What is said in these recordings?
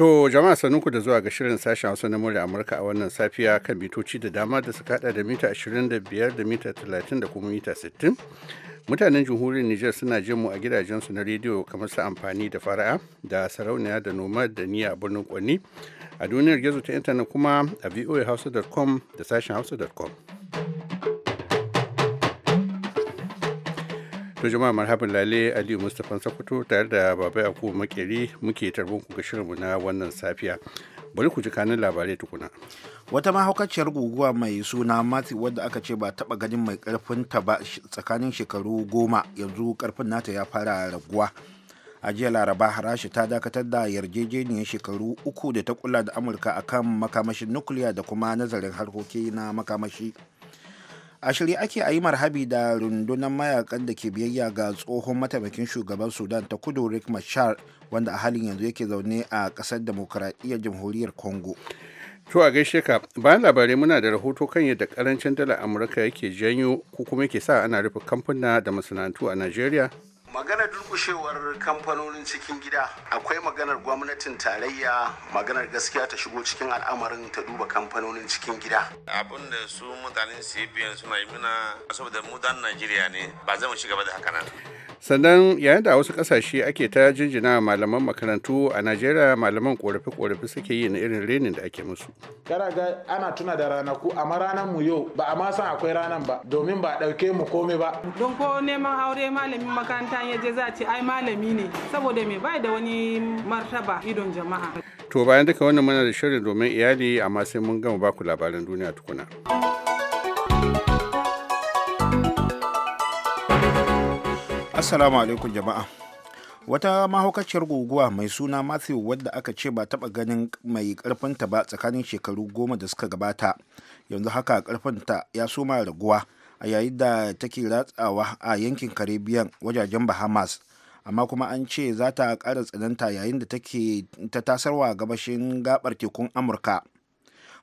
To jama'a sanuku da zuwa ga shirin sashen Hausa na murya Amurka a wannan safiya kan mitoci da dama da suka hada da mita 25 da mita 30 da kuma mita 60. Mutanen jamhuriyar Nijar suna jin mu a gidajensu na rediyo kamar su amfani da fara'a da sarauniya da noma da niyya a birnin Kwanni. A duniyar gizo ta intanet kuma a voahausa.com da sashen hausa.com. to jama'a marhaban lale aliyu mustapha sokoto tare da babai aku makeri muke tarbon ku ga shirinmu na wannan safiya bari ku ji kanin labarai tukuna wata mahaukaciyar guguwa mai suna mati wadda aka ce ba taba ganin mai karfin ta ba tsakanin shekaru goma yanzu karfin nata ya fara raguwa a jiya laraba harashi ta dakatar da yarjejeniyar shekaru uku da ta kula da amurka akan makamashin nukiliya da kuma nazarin harkoki na makamashi a shirye ake a yi marhabi da rundunar mayakan da ke biyayya ga tsohon mataimakin shugaban sudan ta kudu rick machar wanda a halin yanzu yake zaune a ƙasar demokuraɗiyyar jamhuriyar congo to a gaishe ka bayan labarai muna da rahoto kan yadda karancin dala amurka yake janyo ko kuma yake sa ana rufe kamfuna da masana'antu a nigeria. maganar durkushewar kamfanonin cikin gida akwai maganar gwamnatin tarayya maganar gaskiya ta shigo cikin al'amarin ta duba kamfanonin cikin gida abin da su mutanen cbn suna yi mina saboda mudan najeriya ne ba zai mu ci gaba da haka nan sannan yayin da wasu kasashe ake ta jinjina malaman makarantu a najeriya malaman korafi korafi suke yi na irin renin da ake musu kana ga ana tuna da ranaku amma ranar mu yau ba a ma san akwai ranar ba domin ba a ɗauke mu komai ba don ko neman aure malamin makaranta mata ya je za ce ai malami ne saboda mai bai da wani martaba idon jama'a to bayan duka wannan mana da shirin domin iyali amma sai mun gama baku labaran duniya tukuna assalamu alaikum jama'a wata mahaukaciyar guguwa mai suna matthew wadda aka ce ba taba ganin mai karfinta ba tsakanin shekaru goma da suka gabata yanzu haka karfinta ya soma raguwa a yayin da take ratsawa a yankin caribbean wajajen bahamas amma kuma an ce za ta ƙara tsananta yayin da take ta tasarwa gabashin gabar tekun amurka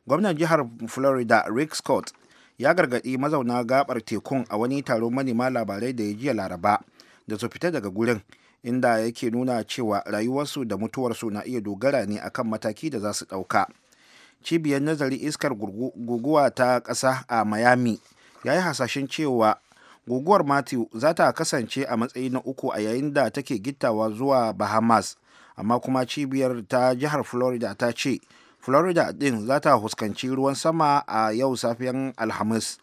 gwamnan jihar florida rick scott ya gargaɗi mazauna gabar tekun a wani taron manema labarai da ya jiya laraba da su fita daga gurin inda yake nuna cewa rayuwarsu da mutuwarsu na iya dogara ne akan mataki da za su ɗauka cibiyar nazari iskar guguwa ta ƙasa a miami ya yi hasashen cewa guguwar matthew za ta kasance a matsayi na uku a yayin da take gittawa zuwa bahamas amma kuma cibiyar ta jihar florida ta ce florida din za ta huskanci ruwan sama a yau safiyan alhamis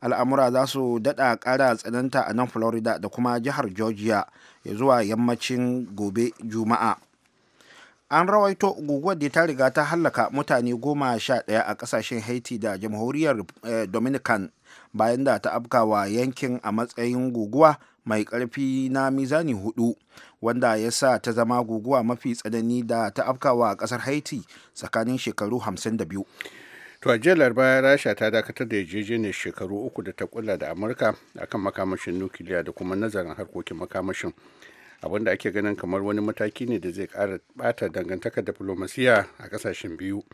al'amura za su daɗa ƙara tsananta a nan florida da kuma jihar georgia ya zuwa yammacin gobe juma'a an rawaito guguwar da ta riga ta hallaka mutane goma sha ɗaya a ƙasashen haiti da jamhuriyar eh, dominican bayan da ta afkawa yankin a matsayin guguwa mai ƙarfi na mizani hudu wanda ya sa ta zama guguwa mafi tsanani da ta afkawa a ƙasar haiti tsakanin shekaru 52 to a jiya laraba rasha ta dakatar da yarjejeniyar shekaru uku da ta kula da amurka a kan makamashin nukiliya da kuma nazarin harkokin makamashin abin da ake ganin kamar wani mataki ne da zai ƙara bata dangantakar diplomasiya a ƙasashen biyu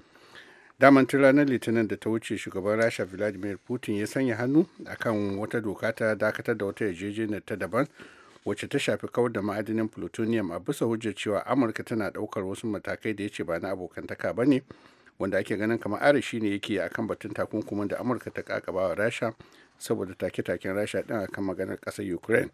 daman tun ranar litinin da ta wuce shugaban rasha vladimir putin ya sanya hannu akan wata doka ta dakatar da wata yarjejeniyar ta daban wacce ta shafi kawar da ma'adinin plutonium a bisa hujjar cewa amurka tana daukar wasu matakai da ya ce ba na abokantaka ba ne wanda ake ganin kamar shi ne yake akan batun takunkumin da amurka ta kakaba wa rasha saboda take-taken rasha din akan maganar kasar ukraine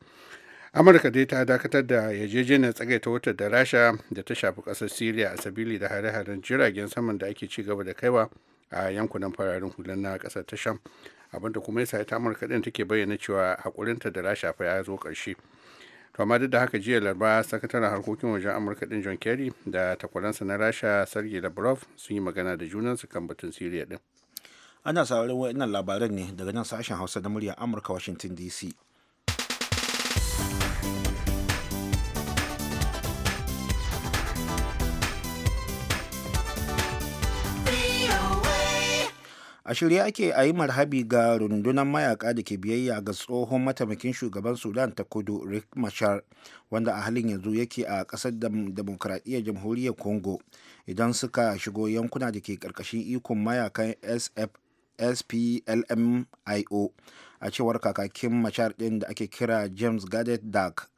amurka dai ta dakatar da yarjejeniyar tsagaita wutar da rasha da ta shafi ƙasar syria a sabili da hare-haren jiragen saman da ake ci gaba da kaiwa a yankunan fararen hular na kasar ta sham abinda kuma ya sa ta amurka ɗin take bayyana cewa haƙurinta da rasha fa ya zo karshe to amma duk da haka jiya larba sakataren harkokin wajen amurka ɗin john kerry da takwaransa na rasha sergei lavrov sun yi magana da junansu kan batun syria ɗin ana sauraron wa'annan labaran ne daga nan sashen hausa na murya amurka washington dc a shirye ake a yi marhabi ga rundunar mayaka da ke biyayya ga tsohon mataimakin shugaban sudan ta kudu rick machar wanda a halin yanzu yake a ƙasar demokradiyyar jamhuriyar congo idan suka shigo yankuna da ke ƙarƙashin ikon mayakan sf a cewar kakakin machar ɗin da ake kira james gadet dark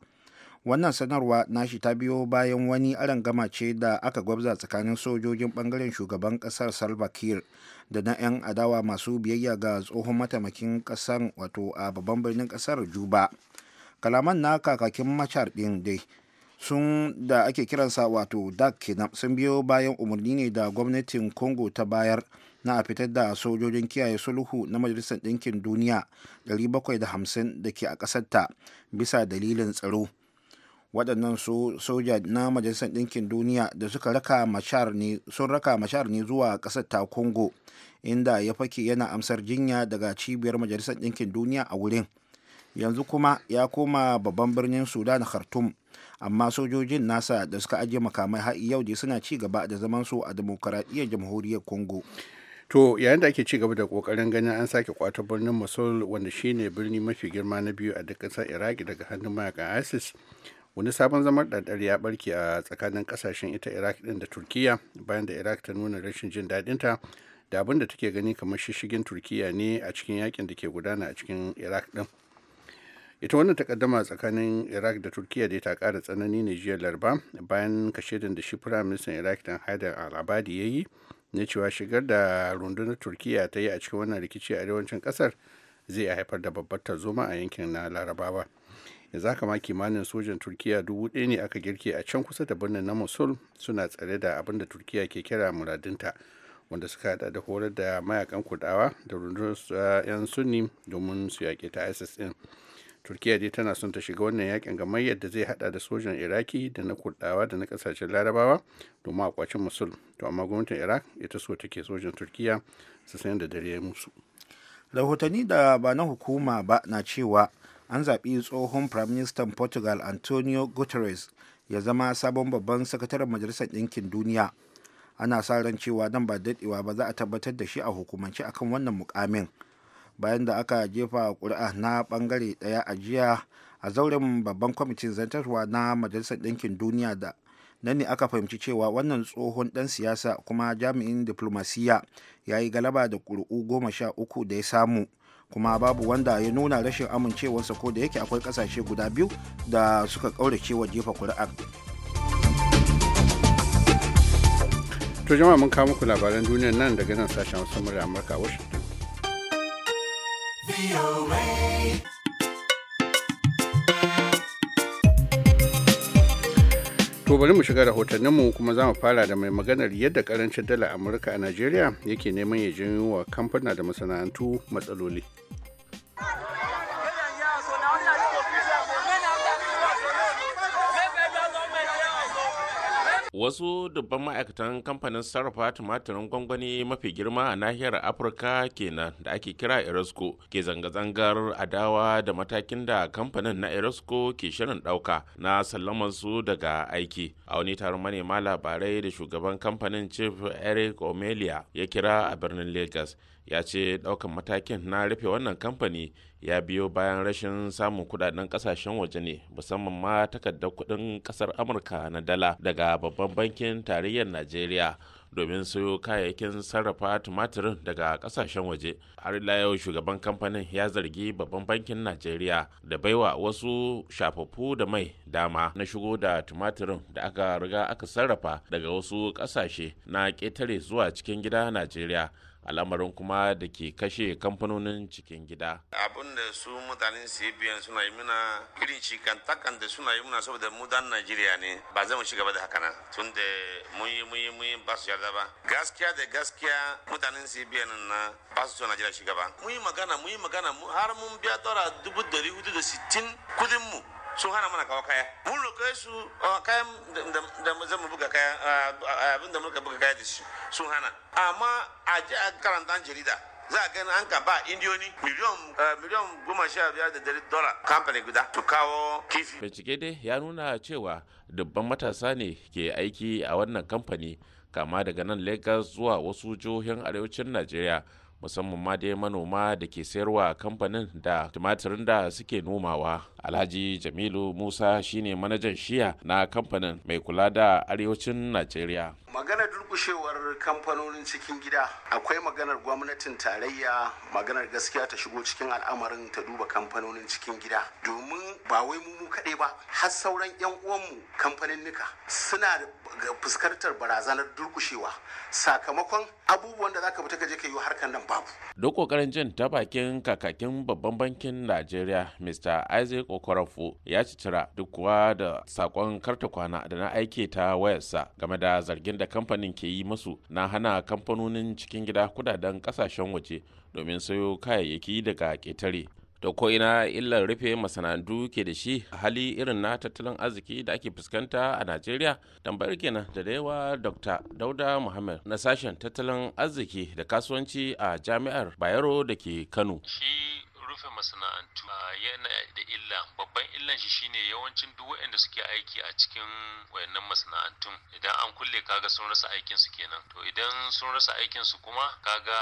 wannan sanarwa nashi ta biyo bayan wani gama ce da aka gwabza tsakanin sojojin bangaren shugaban kasar salva kiir da na 'yan adawa masu biyayya ga tsohon mataimakin kasar wato a babban birnin kasar juba kalaman na kakakin machar din dai sun da ake kiransa wato dak kenan sun biyo bayan umarni ne da gwamnatin congo ta bayar na a fitar da sojojin kiyaye sulhu na majalisar ɗinkin duniya 750 da ke a ƙasarta bisa dalilin tsaro waɗannan su soja na majalisar ɗinkin duniya da suka raka mashar ne sun raka mashar ne zuwa ƙasar ta congo inda ya fake yana amsar jinya daga cibiyar majalisar ɗinkin duniya a wurin yanzu kuma ya koma babban birnin sudan khartoum amma sojojin nasa da suka ajiye makamai har yau dai suna ci gaba da zaman su a demokaradiyyar jamhuriyar congo to yayin da ake ci gaba da kokarin ganin an sake kwato birnin mosul wanda shine birni mafi girma na biyu a duk ƙasar iraki daga hannun mayakan isis wani sabon zamar ɗaɗɗar ya ɓarke a tsakanin ƙasashen ita iraq ɗin da turkiya bayan da iraq ta nuna rashin jin daɗinta da abin da take gani kamar shishigin turkiya ne a cikin yakin da ke gudana a cikin iraq ɗin ita wannan takaddama tsakanin iraq da turkiya da ta ƙara tsanani ne jiya larba bayan kashe da shi ministan iraq ɗin haidar al-abadi ya yi na cewa shigar da rundunar turkiya ta yi a cikin wannan rikici a arewacin ƙasar zai haifar da babbar tarzoma a yankin na larabawa. za ka ma kimanin sojan turkiya dubu ɗaya ne aka girke a can kusa da birnin na mosul suna tsare da abin da turkiya ke kira muradinta wanda suka hada da horar da mayakan kudawa da rundunar eh, 'yan sunni domin su yaƙi ta isis din turkiya dai tana son ta shiga wannan yakin gamar yadda zai hada da sojan iraki da na kurdawa da na kasashen larabawa domin a kwacin musul to amma gwamnatin iraq ita so take sojan turkiya su sayan da dare musu rahotanni da ba na hukuma ba na cewa an zaɓi tsohon firaministan portugal antonio guterres ya zama sabon babban sakataren majalisar ɗinkin duniya ana sa ran cewa nan ba daɗewa ba za a tabbatar da shi a hukumance akan wannan mukamin bayan da aka jefa ƙuri'a na ɓangare ɗaya a jiya a zauren babban kwamitin zantarwa na majalisar ɗinkin duniya da nan ne aka fahimci cewa wannan tsohon ɗan siyasa kuma jami'in diflomasiyya ya yi galaba da ƙuri'u goma sha uku da ya samu kuma babu wanda ya nuna rashin amincewarsa ko da yake akwai kasashe guda biyu da suka kaurace wa jefa kuri'ar to jama'a mun kawo muku labaran duniya nan daga nan sashen wasu murya amurka washington To bari mu shiga mu kuma za mu fara da mai maganar yadda karancin dala Amurka a Najeriya yake neman ya janyo wa kamfana da masana'antu matsaloli. wasu dubban ma'aikatan kamfanin sarrafa tumatirin gwangwani mafi girma a nahiyar afirka kenan da ake kira irasco ke zanga-zangar adawa da matakin da kamfanin na irasco ke shirin ɗauka na sallamar su daga aiki a wani taron manema labarai da shugaban kamfanin chief eric omelia ya kira a birnin lagos ya ce daukan matakin na rufe wannan kamfani ya biyo bayan rashin samun kudaden kasashen waje ne musamman ma takardar kudin kasar amurka na dala daga babban bankin tarayyar najeriya domin sayo kayayyakin sarrafa tumatirin daga kasashen waje har ila yau shugaban kamfanin ya zargi babban bankin najeriya da baiwa wasu shafaffu da mai dama na shigo da tumatirin da aka riga aka sarrafa daga wasu kasashe na ƙetare zuwa cikin gida najeriya al'amarin kuma da ke kashe kamfanonin cikin gida. abin da su mutanen cbn suna yi muna irin shigantakan da suna yi muna saboda mu dan najeriya ne ba zai mu shiga ba da haka nan tun da mun yi mun yi mun yi ba su yarda ba gaskiya da gaskiya mutanen cbn na ba su so najeriya shiga ba mun yi magana mun yi magana har mun biya dora dubu dari hudu da sittin kudin mu sun hana mana kawo kaya mun roƙe su kayan da zan mu buga kaya abin da muka buga kaya da shi sun hana amma a ji a karanta jarida za a gani an ka ba indiyoni miliyan goma sha biyar da dari dola kamfani guda su kawo kifi bincike dai ya nuna cewa dubban matasa ne ke aiki a wannan kamfani kama daga nan lagos zuwa wasu jihohin arewacin najeriya musamman ma dai manoma da ke sayarwa kamfanin da tumatirin da suke nomawa alhaji jamilu musa shine manajan shiya na kamfanin mai kula da arewacin najeriya maganar durkushewar kamfanonin cikin gida akwai maganar gwamnatin tarayya maganar gaskiya ta shigo cikin al'amarin ta duba kamfanonin cikin gida domin ba wai mu kaɗai ba har sauran 'yan uwanmu kamfanin nika suna fuskantar barazanar durkushewa sakamakon abubuwan da zaka fita kaje ka yi harkar nan babu duk kokarin jin ta bakin kakakin babban bankin Najeriya Mr Isaac Okorafo ya ci cira duk kuwa da sakon karta kwana da na aike ta wayarsa game da zargin da kamfanin ke yi masu na hana kamfanonin cikin gida kudaden kasashen waje domin sayo kayayyaki daga ƙetare da ko ina illar rufe masana'antu ke da shi hali irin na tattalin arziki da ake fuskanta a najeriya tambayar kenan da yawa dr dauda muhammad na sashen tattalin arziki da kasuwanci a jami'ar bayero da ke kano rufe masana'antu yana da illa babban illan shi shine yawancin duk waɗanda suke aiki a cikin wayannan masana'antun idan an kulle kaga sun rasa aikin su kenan to idan sun rasa aikin su kuma kaga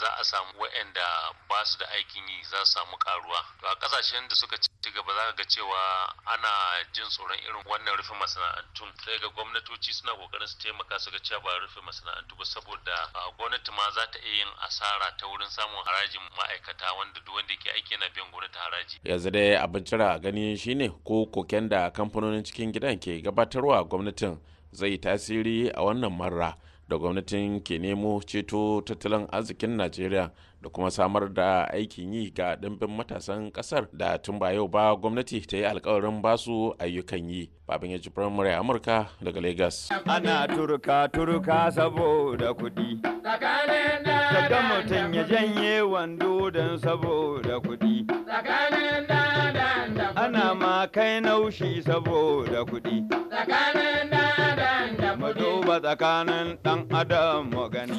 za a samu waɗanda ba su da aikin yi za su samu karuwa to a kasashen da suka ci gaba za ga cewa ana jin tsoron irin wannan rufe masana'antun sai ga gwamnatoci suna kokarin su taimaka su ga cewa ba rufe masana'antu ba saboda gwamnati ma za ta iya yin asara ta wurin samun harajin ma'aikata wanda duk wanda ke aiki na biyan gwamnati haraji yanzu dai abin cira gani shine ko koken da kamfanonin cikin gidan ke gabatarwa gwamnatin zai tasiri a wannan marra da gwamnatin ke nemo ceto tattalin arzikin najeriya da kuma samar da aikin yi ga ɗimbin matasan ƙasar da tun ba yau ba gwamnati ta yi alkawarin basu ayyukan yi babin ya ji firamare amurka daga lagos ana turka turka saboda kuɗi daga mutum ya janye wando don saboda kuɗi ana ma kai naushi saboda kuɗi tsakanin ɗan adam mu gani.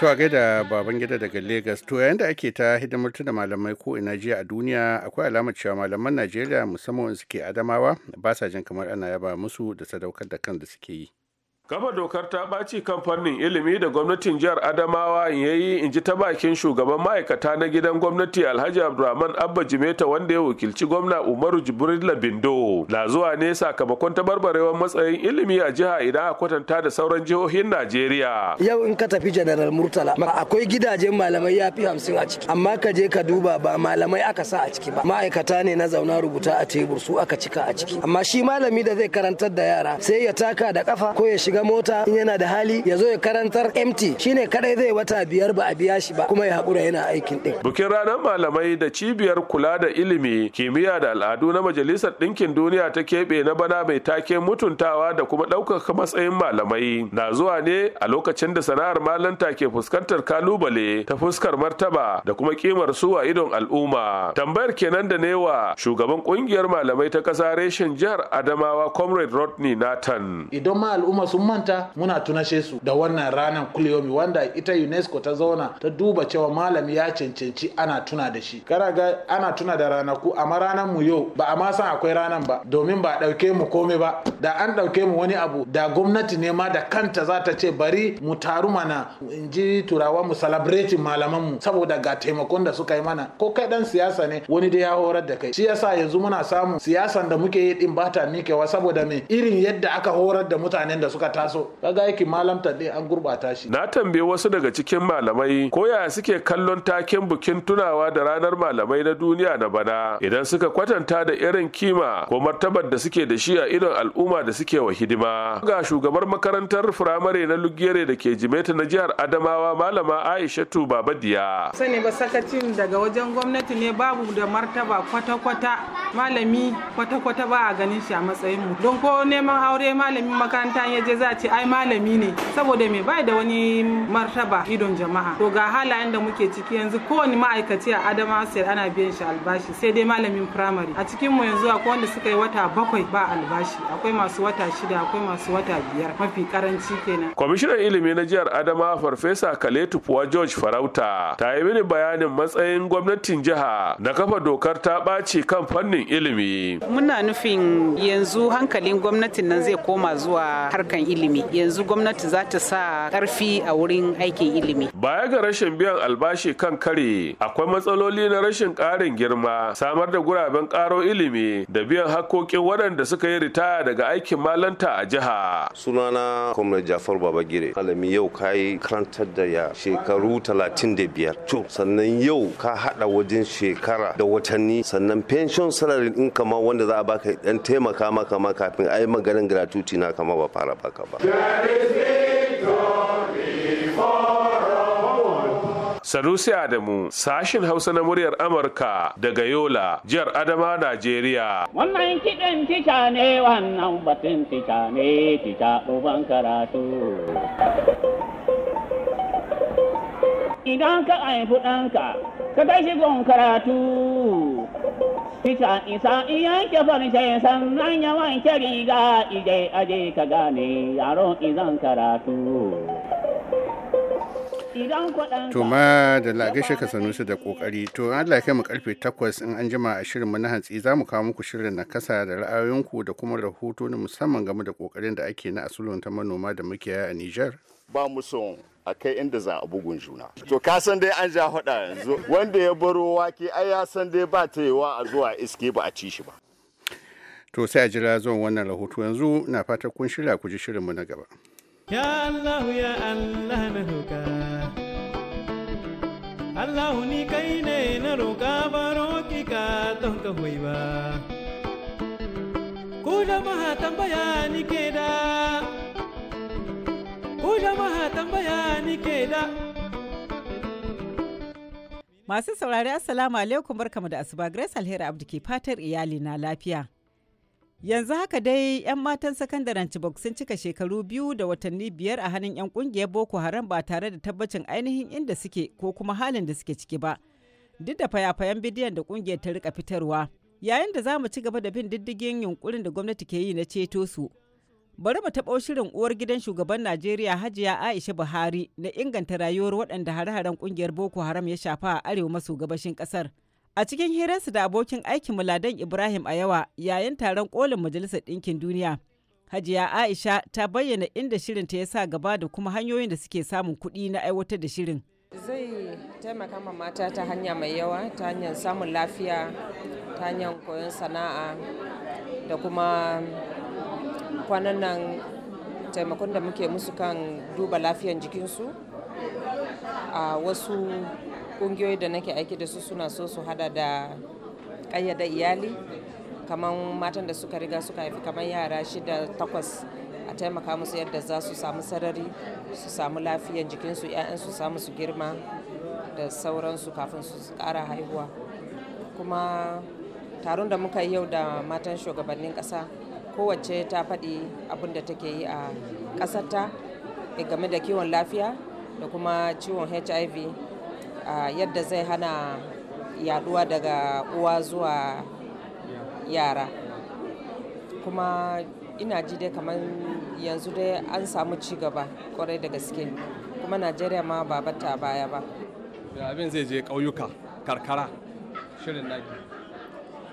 To a gaida baban gida daga Lagos to yayin da ake ta hidimar da malamai ko ina jiya a duniya akwai alamar cewa malaman Najeriya musamman suke Adamawa ba sa jin kamar ana yaba musu da sadaukar da kan da suke yi. Gaba dokar ta ɓaci kan fannin ilimi da gwamnatin jihar Adamawa ya yi in ji ta bakin shugaban ma'aikata na gidan gwamnati Alhaji Abdulrahman Abba Jimeta wanda ya wakilci gwamna Umaru Jibril Bindo. Na zuwa ne sakamakon tabarbarewar matsayin ilimi a jiha idan a kwatanta da sauran jihohin Najeriya. Yau in ka tafi Janaral Murtala akwai gidajen malamai ya fi hamsin a ciki amma ka je ka duba ba malamai aka sa a ciki ba ma'aikata ne na zauna rubuta a tebur su aka cika a ciki amma shi malami da zai karantar da yara sai ya taka da kafa ko ya shiga shiga mota in yana da hali ya zo ya karantar MT shine kadai zai wata biyar ba a biya shi ba kuma ya haƙura yana aikin din. bukin ranar malamai da cibiyar kula da ilimi, kimiyya da al'adu na Majalisar Ɗinkin Duniya ta keɓe na bana mai take mutuntawa da kuma ɗaukaka matsayin malamai na zuwa ne a lokacin da sana'ar malanta ke fuskantar kalubale ta fuskar martaba da kuma kimar su a idon al'umma. Tambayar kenan da newa shugaban ƙungiyar malamai ta ƙasa reshen jihar Adamawa Comrade Rodney Nathan. Idan ma al'umma sun manta muna tunashe su da wannan ranar kuliyomi wanda ita unesco ta zauna ta duba cewa malami ya cancanci ana tuna da shi kara ga ana tuna da ranaku amma ranar mu yau ba a ma san akwai ranar ba domin ba a ɗauke mu komai ba da an ɗauke mu wani abu da gwamnati ne ma da kanta za ta ce bari mu taru mana in ji turawa mu celebrate malaman mu saboda ga taimakon da suka yi mana ko kai dan siyasa ne wani da ya horar da kai shi yasa yanzu muna samun siyasan da muke yi din bata mikewa saboda me irin yadda aka horar da mutanen da suka kaga yake malamta an gurbata shi na tambaye wasu daga cikin malamai ko yaya suke kallon taken bikin tunawa da ranar malamai na duniya na bana idan suka kwatanta da irin kima ko martabar da suke da shi a idon al'umma da suke wa hidima ga shugabar makarantar firamare na lugere da ke jimeta na jihar adamawa malama aishatu babadiya sani ba sakacin daga wajen gwamnati ne babu da martaba kwata-kwata malami kwata-kwata ba a ganin shi a matsayin mu don ko neman aure malamin makaranta ya je za a ce ai malami ne saboda me bai da wani martaba idon jama'a to ga halayen da muke ciki yanzu kowane ma'aikaci a adama sai ana biyan shi albashi sai dai malamin primary a cikin mu yanzu akwai wanda suka yi wata bakwai ba albashi akwai masu wata shida akwai masu wata biyar mafi karanci kenan kwamishinan ilimi na jihar adama farfesa kaletu puwa george farauta ta yi mini bayanin matsayin gwamnatin jiha na kafa dokar ta ɓaci kan fannin ilimi muna nufin yanzu hankalin gwamnatin nan zai koma zuwa harkan ilimi yanzu gwamnati za ta sa karfi a wurin aikin ilimi baya ga rashin biyan albashi kan kare akwai matsaloli na rashin karin girma samar da guraben karo ilimi da biyan hakkokin waɗanda suka yi ritaya daga aikin malanta a jiha sunana comrade jafar babagire alami yau kayi karantar da ya shekaru 35 to sannan yau ka hada wajen shekara da watanni sannan pension salary in kama wanda za a baka dan taimaka maka ma kafin ai maganin gratuity na kama ba fara baka haka ba Sanusi Adamu, sashin Hausa na muryar Amurka daga Yola, jihar Adama, Najeriya. Wannan kiɗin tica ne wannan batun tica ne tica uban karatu. Idan ka haifi ɗanka, ka kai gon karatu. Isa isa iya farce sannan ya riga ije aje ka gane yaro izan karatu. To ma da lagashe ka sanu su da kokari to Allah kai mu karfe takwas in an jima a shirin na hantsi za mu kawo muku shirin na kasa da ra'ayoyinku da kuma rahoto na musamman game da kokarin da ake na asulun ta manoma da makiyaya a Nijar. ba mu son a kai inda za a bugun juna. To ka san dai an ja faɗa yanzu wanda ya baro wake ai ya san dai ba ta yiwa a zuwa iske ba a ci shi ba. To sai a jira zuwan wannan rahoto yanzu na fata kun shirya ku ji shirinmu na gaba. Ya Allah ya Allah na roka Allah ni kai ne na roka ba ki ka don ka hoyi ba. Ku jama'a tambaya ni ke da Ku jama'a tambaya da. Masu saurari Assalamu alaikum barkamu da asuba Grace Alheri abdu ke fatar iyali na lafiya. Yanzu haka dai 'yan matan sakandaren Chibok sun cika shekaru biyu da watanni biyar a hannun 'yan kungiyar Boko Haram ba tare da tabbacin ainihin inda suke ko kuma halin da suke ciki ba. Duk da fayafayan bidiyon da kungiyar ta rika fitarwa. Yayin da za mu ci gaba da bin diddigin yunkurin da gwamnati ke yi na ceto su, Bari mu taɓo shirin uwar gidan shugaban Najeriya Hajiya Aisha Buhari na inganta rayuwar waɗanda hare-haren ƙungiyar Boko Haram ya shafa a arewa maso gabashin ƙasar. A cikin hirarsu da abokin aikin Muladan Ibrahim a yawa yayin taron kolin Majalisar Ɗinkin Duniya. Hajiya Aisha ta bayyana inda shirin ta ya sa gaba da kuma hanyoyin da suke samun kuɗi na aiwatar da shirin. zai taimaka ma mata ta hanya mai yawa ta hanyar samun lafiya ta hanyar koyon sana'a da kuma kwanan nan taimakon da muke musu kan duba lafiyan jikinsu a wasu kungiyoyi da nake aiki da su suna so su hada da ƙayyada iyali kamar matan da suka riga suka haifi kamar yara shida takwas a taimaka musu yadda za su samu sarari su samu lafiyan jikinsu yayan su samu su girma da sauransu kafin su kara haihuwa kuma taron da muka yi yau da matan shugabannin ƙasa kowace ta faɗi abin da take yi a ƙasarta eh, game da kiwon lafiya da kuma ciwon hiv yadda zai hana yaduwa daga uwa zuwa yara kuma ina ji dai kamar yanzu dai an samu cigaba gaba kwarai da gaske kuma najeriya ma ba bata baya ba abin zai je ƙauyuka karkara shirin naki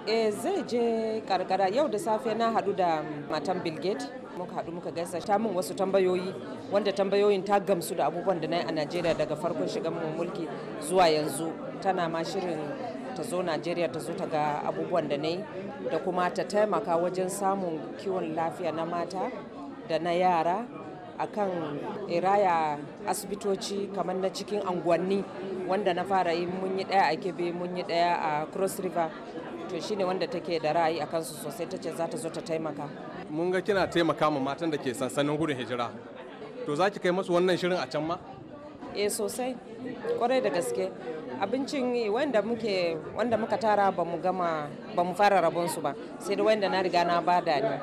eh zai je karkara yau da safe na hadu da matan bill gates muka haɗu muka gaisa ta min wasu tambayoyi wanda tambayoyin ta gamsu da abubuwan da na yi a najeriya daga farkon shiga mu mulki zuwa yanzu tana ma shirin ta zo najeriya ta zo ta ga abubuwan da na yi da kuma ta taimaka wajen samun kiwon lafiya na mata da na yara akan iraya asibitoci kamar na cikin unguwanni wanda na fara yi mun yi daya a kebe mun yi daya a cross river to shine wanda take da ra'ayi a kansu sosai ta ce za ta zo ta taimaka mun ga kina taimaka ma matan da ke sansanin gudun hijira to za ki kai masu wannan shirin a can ma eh sosai kwarai da gaske abincin wanda muke wanda muka tara ba mu gama ba mu fara rabon su ba sai da wanda na riga na bada ne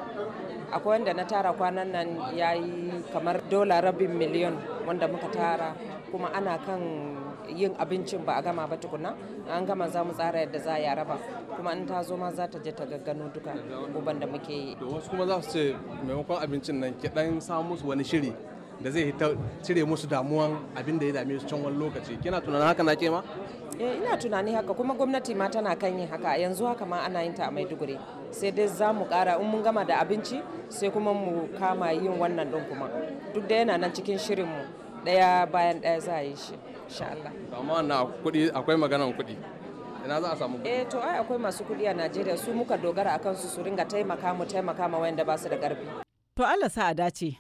akwai wanda na tara kwanan nan ya yi kamar dola rabin miliyon wanda muka tara kuma ana kan yin abincin ba a gama ba tukuna an gama za mu tsara yadda za a raba kuma in ta zo ma za ta je ta gaggano duka uban da muke yi to wasu kuma za su ce maimakon abincin nan ke dan samu musu wani shiri da zai cire musu damuwan abin da ya dame su can wani lokaci kina tunanin haka na ke ma eh ina tunani haka kuma gwamnati ma tana kan yin haka yanzu haka ma ana yin ta a maiduguri sai dai za mu kara in mun gama da abinci sai kuma mu kama yin wannan din kuma duk da yana nan cikin shirin mu daya bayan daya za a yi shi insha Allah amma na kuɗi akwai maganan kuɗi ina za a samu kuɗi eh to ai akwai masu kuɗi a Najeriya su muka dogara akan su su ringa taimaka mu taimaka ma wanda ba su da ƙarfi to Allah sa a dace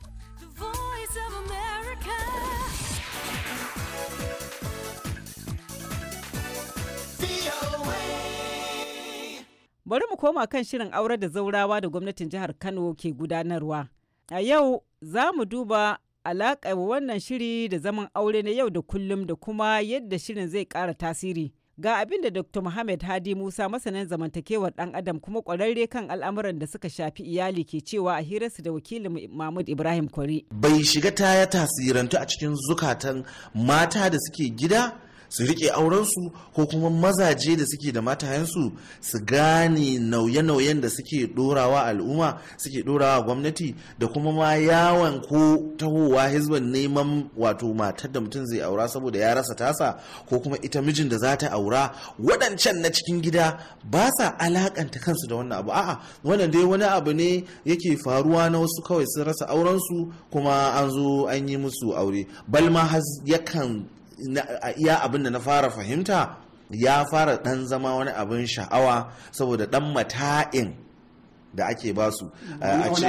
Bari mu koma kan shirin aure da zaurawa da gwamnatin jihar Kano ke gudanarwa. A yau za mu duba alaƙa wannan shiri da zaman aure na yau da kullum da kuma yadda shirin zai ƙara tasiri. Ga abin da Dr. Muhammad Hadi Musa masanin zamantakewar ɗan adam kuma kwararre kan al'amuran da suka shafi iyali ke cewa a hirarsu da wakilin Mahmud Ibrahim Kwari. Bai shiga ta ya tasirantu a cikin zukatan mata da suke gida su rike aurensu ko kuma mazaje da suke da matayensu su gane nauye-nauyen da suke dorawa al'umma suke dorawa gwamnati da kuma ma yawon ko tahowa hizban neman wato matar da mutum zai aura saboda ya rasa tasa ko kuma ita mijin da za ta aura waɗancan na cikin gida ba sa alakanta kansu da wannan abu a'a wannan dai wani abu ne yake faruwa na wasu kawai sun rasa aurensu kuma an zo an yi musu aure balma yakan iya abin da na fara fahimta ya fara dan zama wani abin sha'awa saboda dan mata'in da ake basu a ce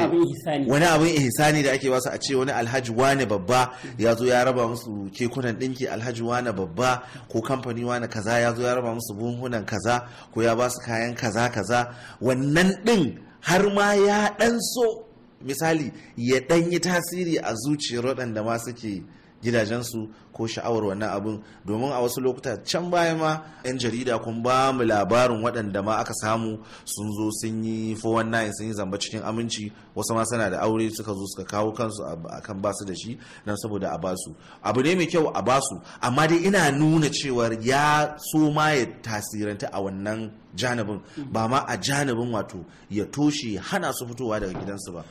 wani abin ihsani da ake basu a ce wani alhaji wane babba ya zo ya raba musu kekunan dinki alhaji wane babba ko kamfani wane kaza ya zo ya raba musu buhunan kaza ko ya basu kayan kaza kaza wannan din har ma ya dan so misali ya dan yi tasiri a zuciyar waɗanda ma suke gidajensu ko sha'awar wannan abun domin a wasu lokuta can baya ma 'yan jarida kun ba mu labarin waɗanda ma aka samu sun zo sun yi 419 sun yi zamba cikin aminci wasu ma suna da aure suka zo suka kawo kansu a akan basu da shi nan saboda a basu abu ne mai kyau a basu amma dai ina nuna cewar ya so ma ya tasiranta a wannan janibin ba ma a janibin wato ya toshe hana su fitowa daga gidansu ba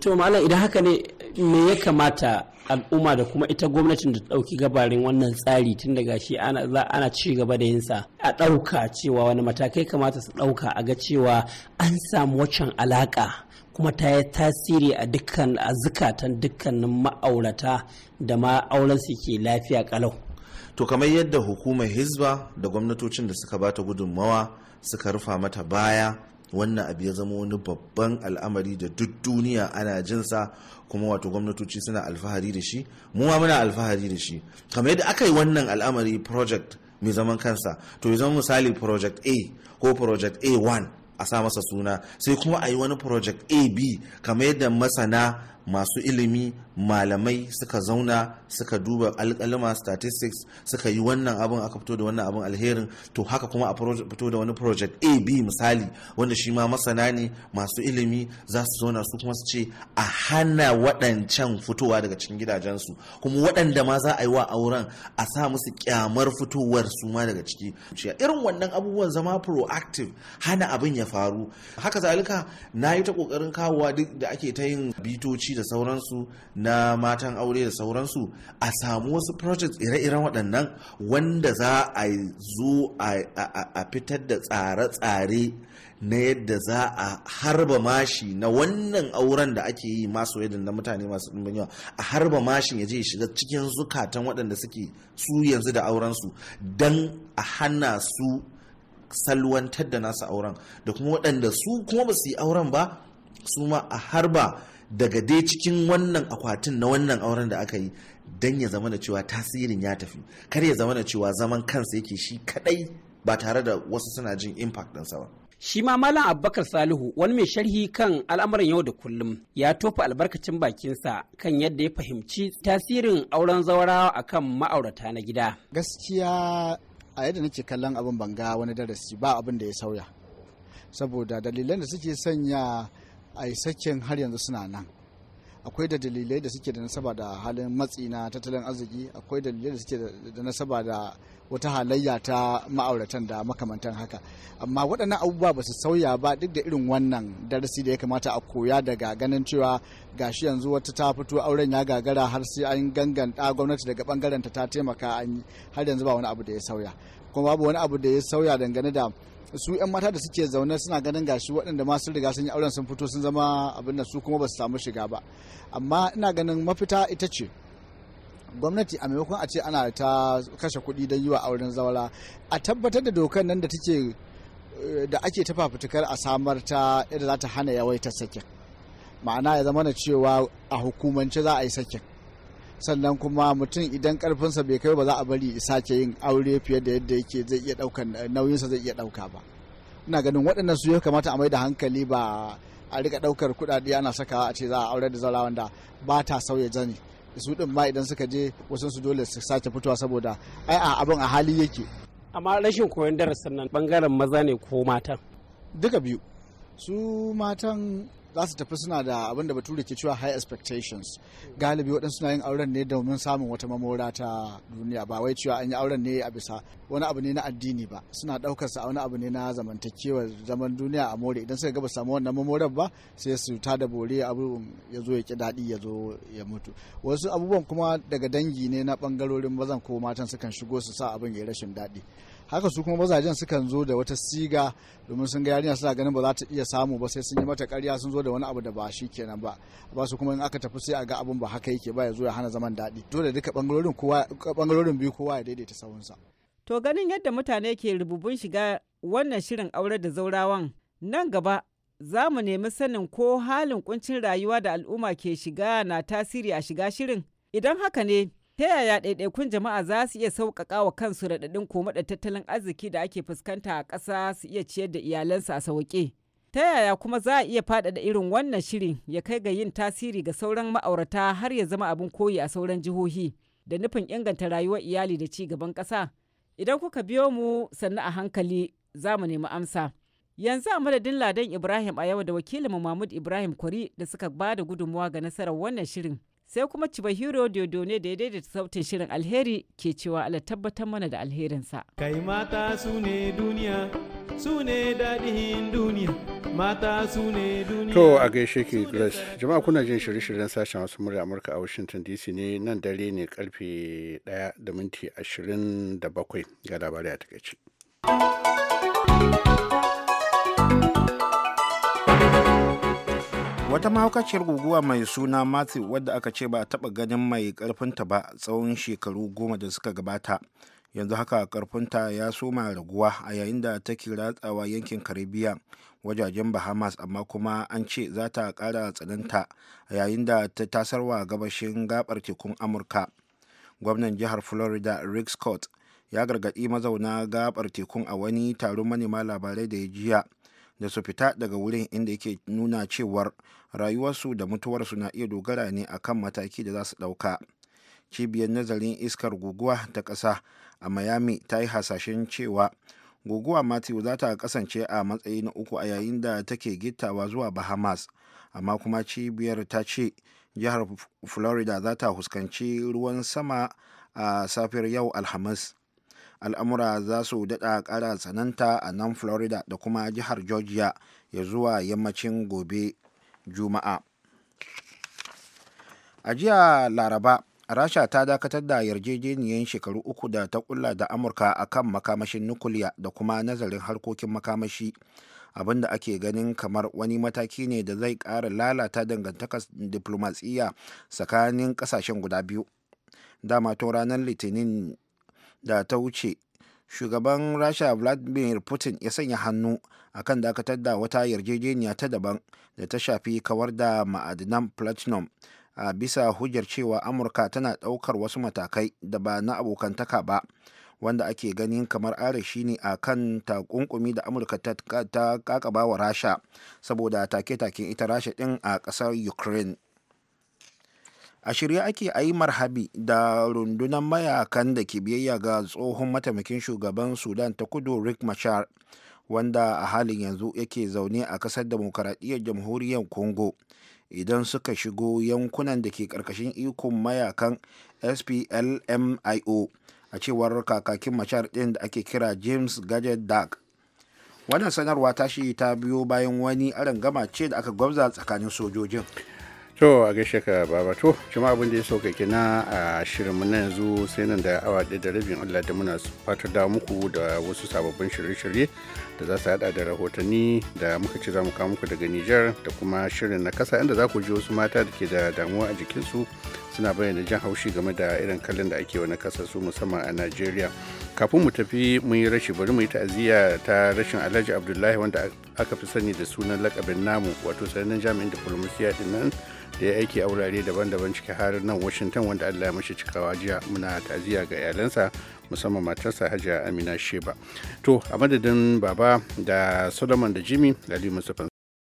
to malam idan haka ne me ya kamata al'umma da kuma ita gwamnatin da ɗauki gabarin wannan tsari tun daga shi ana ci gaba da yinsa a ɗauka cewa wani matakai kamata su ɗauka a ga cewa an samu waccan alaƙa kuma ta yi tasiri a dukkan a zukatan dukkanin ma'aurata da ma ke lafiya kalau to kamar yadda hukumar hizba da gwamnatocin da suka bata gudunmawa suka rufa mata baya wannan abu ya zama wani babban al'amari da duk duniya ana jinsa kuma wato gwamnatoci suna alfahari da shi mu ma muna alfahari da shi kamar yadda aka yi wannan al'amari project mai zaman kansa to ya zama misali project a ko project a1 a sa masa suna sai kuma a yi wani project a b kamar yadda masana masu ilimi malamai suka zauna suka duba alkalima statistics suka yi wannan abin aka fito da wannan abin alherin to haka kuma a fito da wani project a b misali wanda shi ma masana ne masu ilimi za su zauna su kuma su ce a hana waɗancan fitowa daga cikin gidajensu kuma waɗanda ma za a yi wa auren a sa musu kyamar fitowar su ma daga ciki irin wannan abubuwan zama proactive hana abin ya faru haka zalika na yi ta ƙoƙarin kawowa duk da ake ta yin bitoci da sauransu na matan aure da sauransu a samu wasu projects ire-iren waɗannan wanda za a zo a fitar da tsare-tsare na yadda za a harba mashi na wannan auren da ake yi masu yadda na mutane masu ɗumbin yawa a harba mashin ya je shiga cikin zukatan waɗanda suke su yanzu da aurensu don a hana su salwantar da nasu auren da kuma waɗanda su kuma ba su yi auren ba su ma a harba daga dai cikin wannan akwatin na wannan auren da aka yi don ya zama da cewa tasirin ya tafi kar ya zama da cewa zaman kansa yake shi kadai ba tare da wasu suna jin impact ɗinsa ba. Shi ma Malam Abubakar Salihu wani mai sharhi kan al'amuran yau da kullum ya tofa albarkacin bakinsa kan yadda ya fahimci tasirin auren zawarawa akan ma'aurata na gida. Gaskiya a yadda nake kallon abin banga wani darasi ba abin da ya sauya. Saboda dalilan da suke sanya a yi har yanzu suna nan akwai da dalilai da suke da nasaba da halin matsi na tattalin arziki akwai dalilai da suke da nasaba da wata halayya ta ma'auratan da makamantan haka amma waɗannan abubuwa ba su sauya ba duk da irin wannan darasi da ya kamata a koya daga ganin cewa gashi yanzu wata ta fito auren ya gagara har sai an ganganta gwamnati daga bangaren ta ta taimaka an har yanzu ba wani abu da ya sauya kuma babu wani abu da ya sauya dangane da su 'yan mata da suke zaune suna ganin gashi waɗanda masu sun riga sun yi auren sun fito sun zama abin da su kuma ba su samu shiga ba amma ina ganin mafita ita ce gwamnati a maimakon a ce ana ta kashe kuɗi don yi wa auren zaura a tabbatar da dokar nan da take eh, da ake ta fafutukar a samar ta yadda za ta hana yawaitar sakin ma'ana ya zama na cewa a hukumance za a yi sakin sannan kuma mutum idan karfinsa bai kai ba za a bari sake yin aure fiye da yadda yake zai iya daukan eh, nauyinsa zai iya dauka ba ina ganin waɗannan su ya kamata a mai da hankali ba a rika daukar kuɗaɗe ana sakawa a ce za a aure da zaura wanda ba ta sauya zani su din ma idan suka je wasu su dole su sake fitowa saboda ai a abin a hali yake amma rashin koyon darasin nan bangaren maza ne ko matan duka biyu su matan za su tafi suna da abin da bature ke cewa high expectations galibi waɗansu na yin auren ne domin samun wata mamora ta duniya ba wai cewa an yi auren ne a bisa wani abu ne na addini ba suna ɗaukar sa wani abu ne na zamantakewa zaman duniya a more idan suka gaba samu wannan mamoran ba sai su ta da bore abu ya zo ya ki daɗi ya zo ya mutu wasu abubuwan kuma daga dangi ne na ɓangarorin mazan ko matan sukan shigo su sa abin ya rashin daɗi haka su kuma mazajen sukan zo da wata siga domin sun ga yarinya suna ganin ba za ta iya samu ba sai sun yi mata karya sun zo da wani abu da ba shi kenan ba ba su kuma in aka tafi sai a ga abin ba haka yake ba ya zo ya hana zaman daɗi da duka bangarorin kowa bangarorin biyu kowa ya daidaita sawunsa to ganin yadda mutane ke rububun shiga wannan shirin aure da zaurawan nan gaba za mu nemi sanin ko halin kuncin rayuwa da al'umma ke shiga na tasiri a shiga shirin idan haka ne Ta yaya ɗaiɗaikun jama'a za su iya sauƙaƙa wa kansu raɗaɗin da tattalin arziki da ake fuskanta a ƙasa su iya ciyar da iyalansu a sauƙe? Ta yaya kuma za a iya faɗaɗa irin wannan shirin ya kai ga yin tasiri ga sauran ma'aurata har ya zama abin koyi a sauran jihohi da nufin inganta rayuwar iyali da ci gaban ƙasa? Idan kuka biyo mu sannu a hankali za mu nemi amsa. Yanzu a madadin Ladan Ibrahim a yau da wakilin Mahmud Ibrahim Kwari da suka ba da gudunmawa ga nasarar wannan shirin. sai kuma Chibahiro Dodone da ya daidaita sautin shirin alheri ke cewa ala tabbatar mana da alherinsa. Kai mata su ne duniya, su ne daɗin duniya, mata su ne duniya. To a gaishe ke Grace, jama'a kuna jin shirye-shiryen sashen wasu murya Amurka a Washington DC ne nan dare ne karfe 1 da minti 27 ga labarai a takaice. wata mahaukaciyar guguwa mai suna matthew wadda aka ce ba a taba ganin mai karfinta ba tsawon shekaru goma da suka gabata yanzu haka karfinta ya soma raguwa a yayin da take ratsawa yankin karibiya wajajen bahamas amma kuma an ce za ta kara tsananta a yayin da ta tasarwa gabashin gabar tekun amurka gwamnan jihar florida rick scott ya gargadi mazauna gabar tekun a wani taron manema labarai da ya jiya da su fita daga wurin inda yake nuna cewar rayuwarsu da mutuwarsu na iya dogara ne a kan mataki da za su ɗauka cibiyar nazarin iskar guguwa ta ƙasa a miami ta yi hasashen cewa guguwa matthew za ta kasance a matsayi na uku a yayin da take gittawa zuwa bahamas amma kuma cibiyar ta ce jihar florida za ta huskanci ruwan sama a safiyar yau alhamis al'amura za su daɗa ƙara tsananta a nan florida da kuma jihar georgia ya zuwa yammacin gobe juma'a a jiya laraba rasha ta dakatar da yarjejeniyar shekaru uku da ta kulla da amurka a kan makamashin nukuliya da kuma nazarin harkokin makamashi abin da ake ganin kamar wani mataki ne da zai ƙara lalata dangantakar diplomatsiya tsakanin ƙasashen guda biyu dama to ranar litinin da ta wuce shugaban rasha vladimir putin ya sanya hannu akan dakatar da wata yarjejeniya ta daban da ta shafi kawar da ma'adinan platinum a bisa hujjar cewa amurka tana daukar wasu matakai da ba na abokantaka ba wanda ake ganin kamar arashi ne a kan takunkumi da amurka ta kakaba wa rasha saboda take-taken ita rasha din a ƙasar ukraine a shirye ake a yi marhabi da rundunar mayakan da ke biyayya ga tsohon mataimakin shugaban sudan ta kudu rick machar wanda a halin yanzu yake zaune a kasar demokaradiyyar jamhuriyar congo idan suka shigo yankunan da ke karkashin ikon mayakan splmio a cewar kakakin machar din da ake kira james gadget dark wannan sanarwa ta shi ta biyo bayan wani gama ce da aka gwabza tsakanin sojojin to a gaishe ka baba to jama'a abin da ya sauka kina a shirinmu na yanzu sai nan da awa ɗaya da rabin allah da muna fatar da muku da wasu sababbin shirye-shirye da za su haɗa da rahotanni da muka ci za mu kawo muku daga nijar da kuma shirin na kasa inda za ku ji wasu mata da ke da damuwa a jikinsu suna bayyana jan haushi game da irin kallon da ake wani kasa su musamman a najeriya kafin mu tafi mun yi rashi bari mu yi ta'aziyya ta rashin alhaji abdullahi wanda aka fi sani da sunan lakabin namu wato sanannen jami'in diplomasiya dinnan. da ya aiki a wurare daban-daban ciki har nan washington wanda allah ya mashi cikawa jiya muna taziya ga iyalansa musamman matarsa hajiya amina sheba to a madadin baba da solomon da jimmy musu mustapha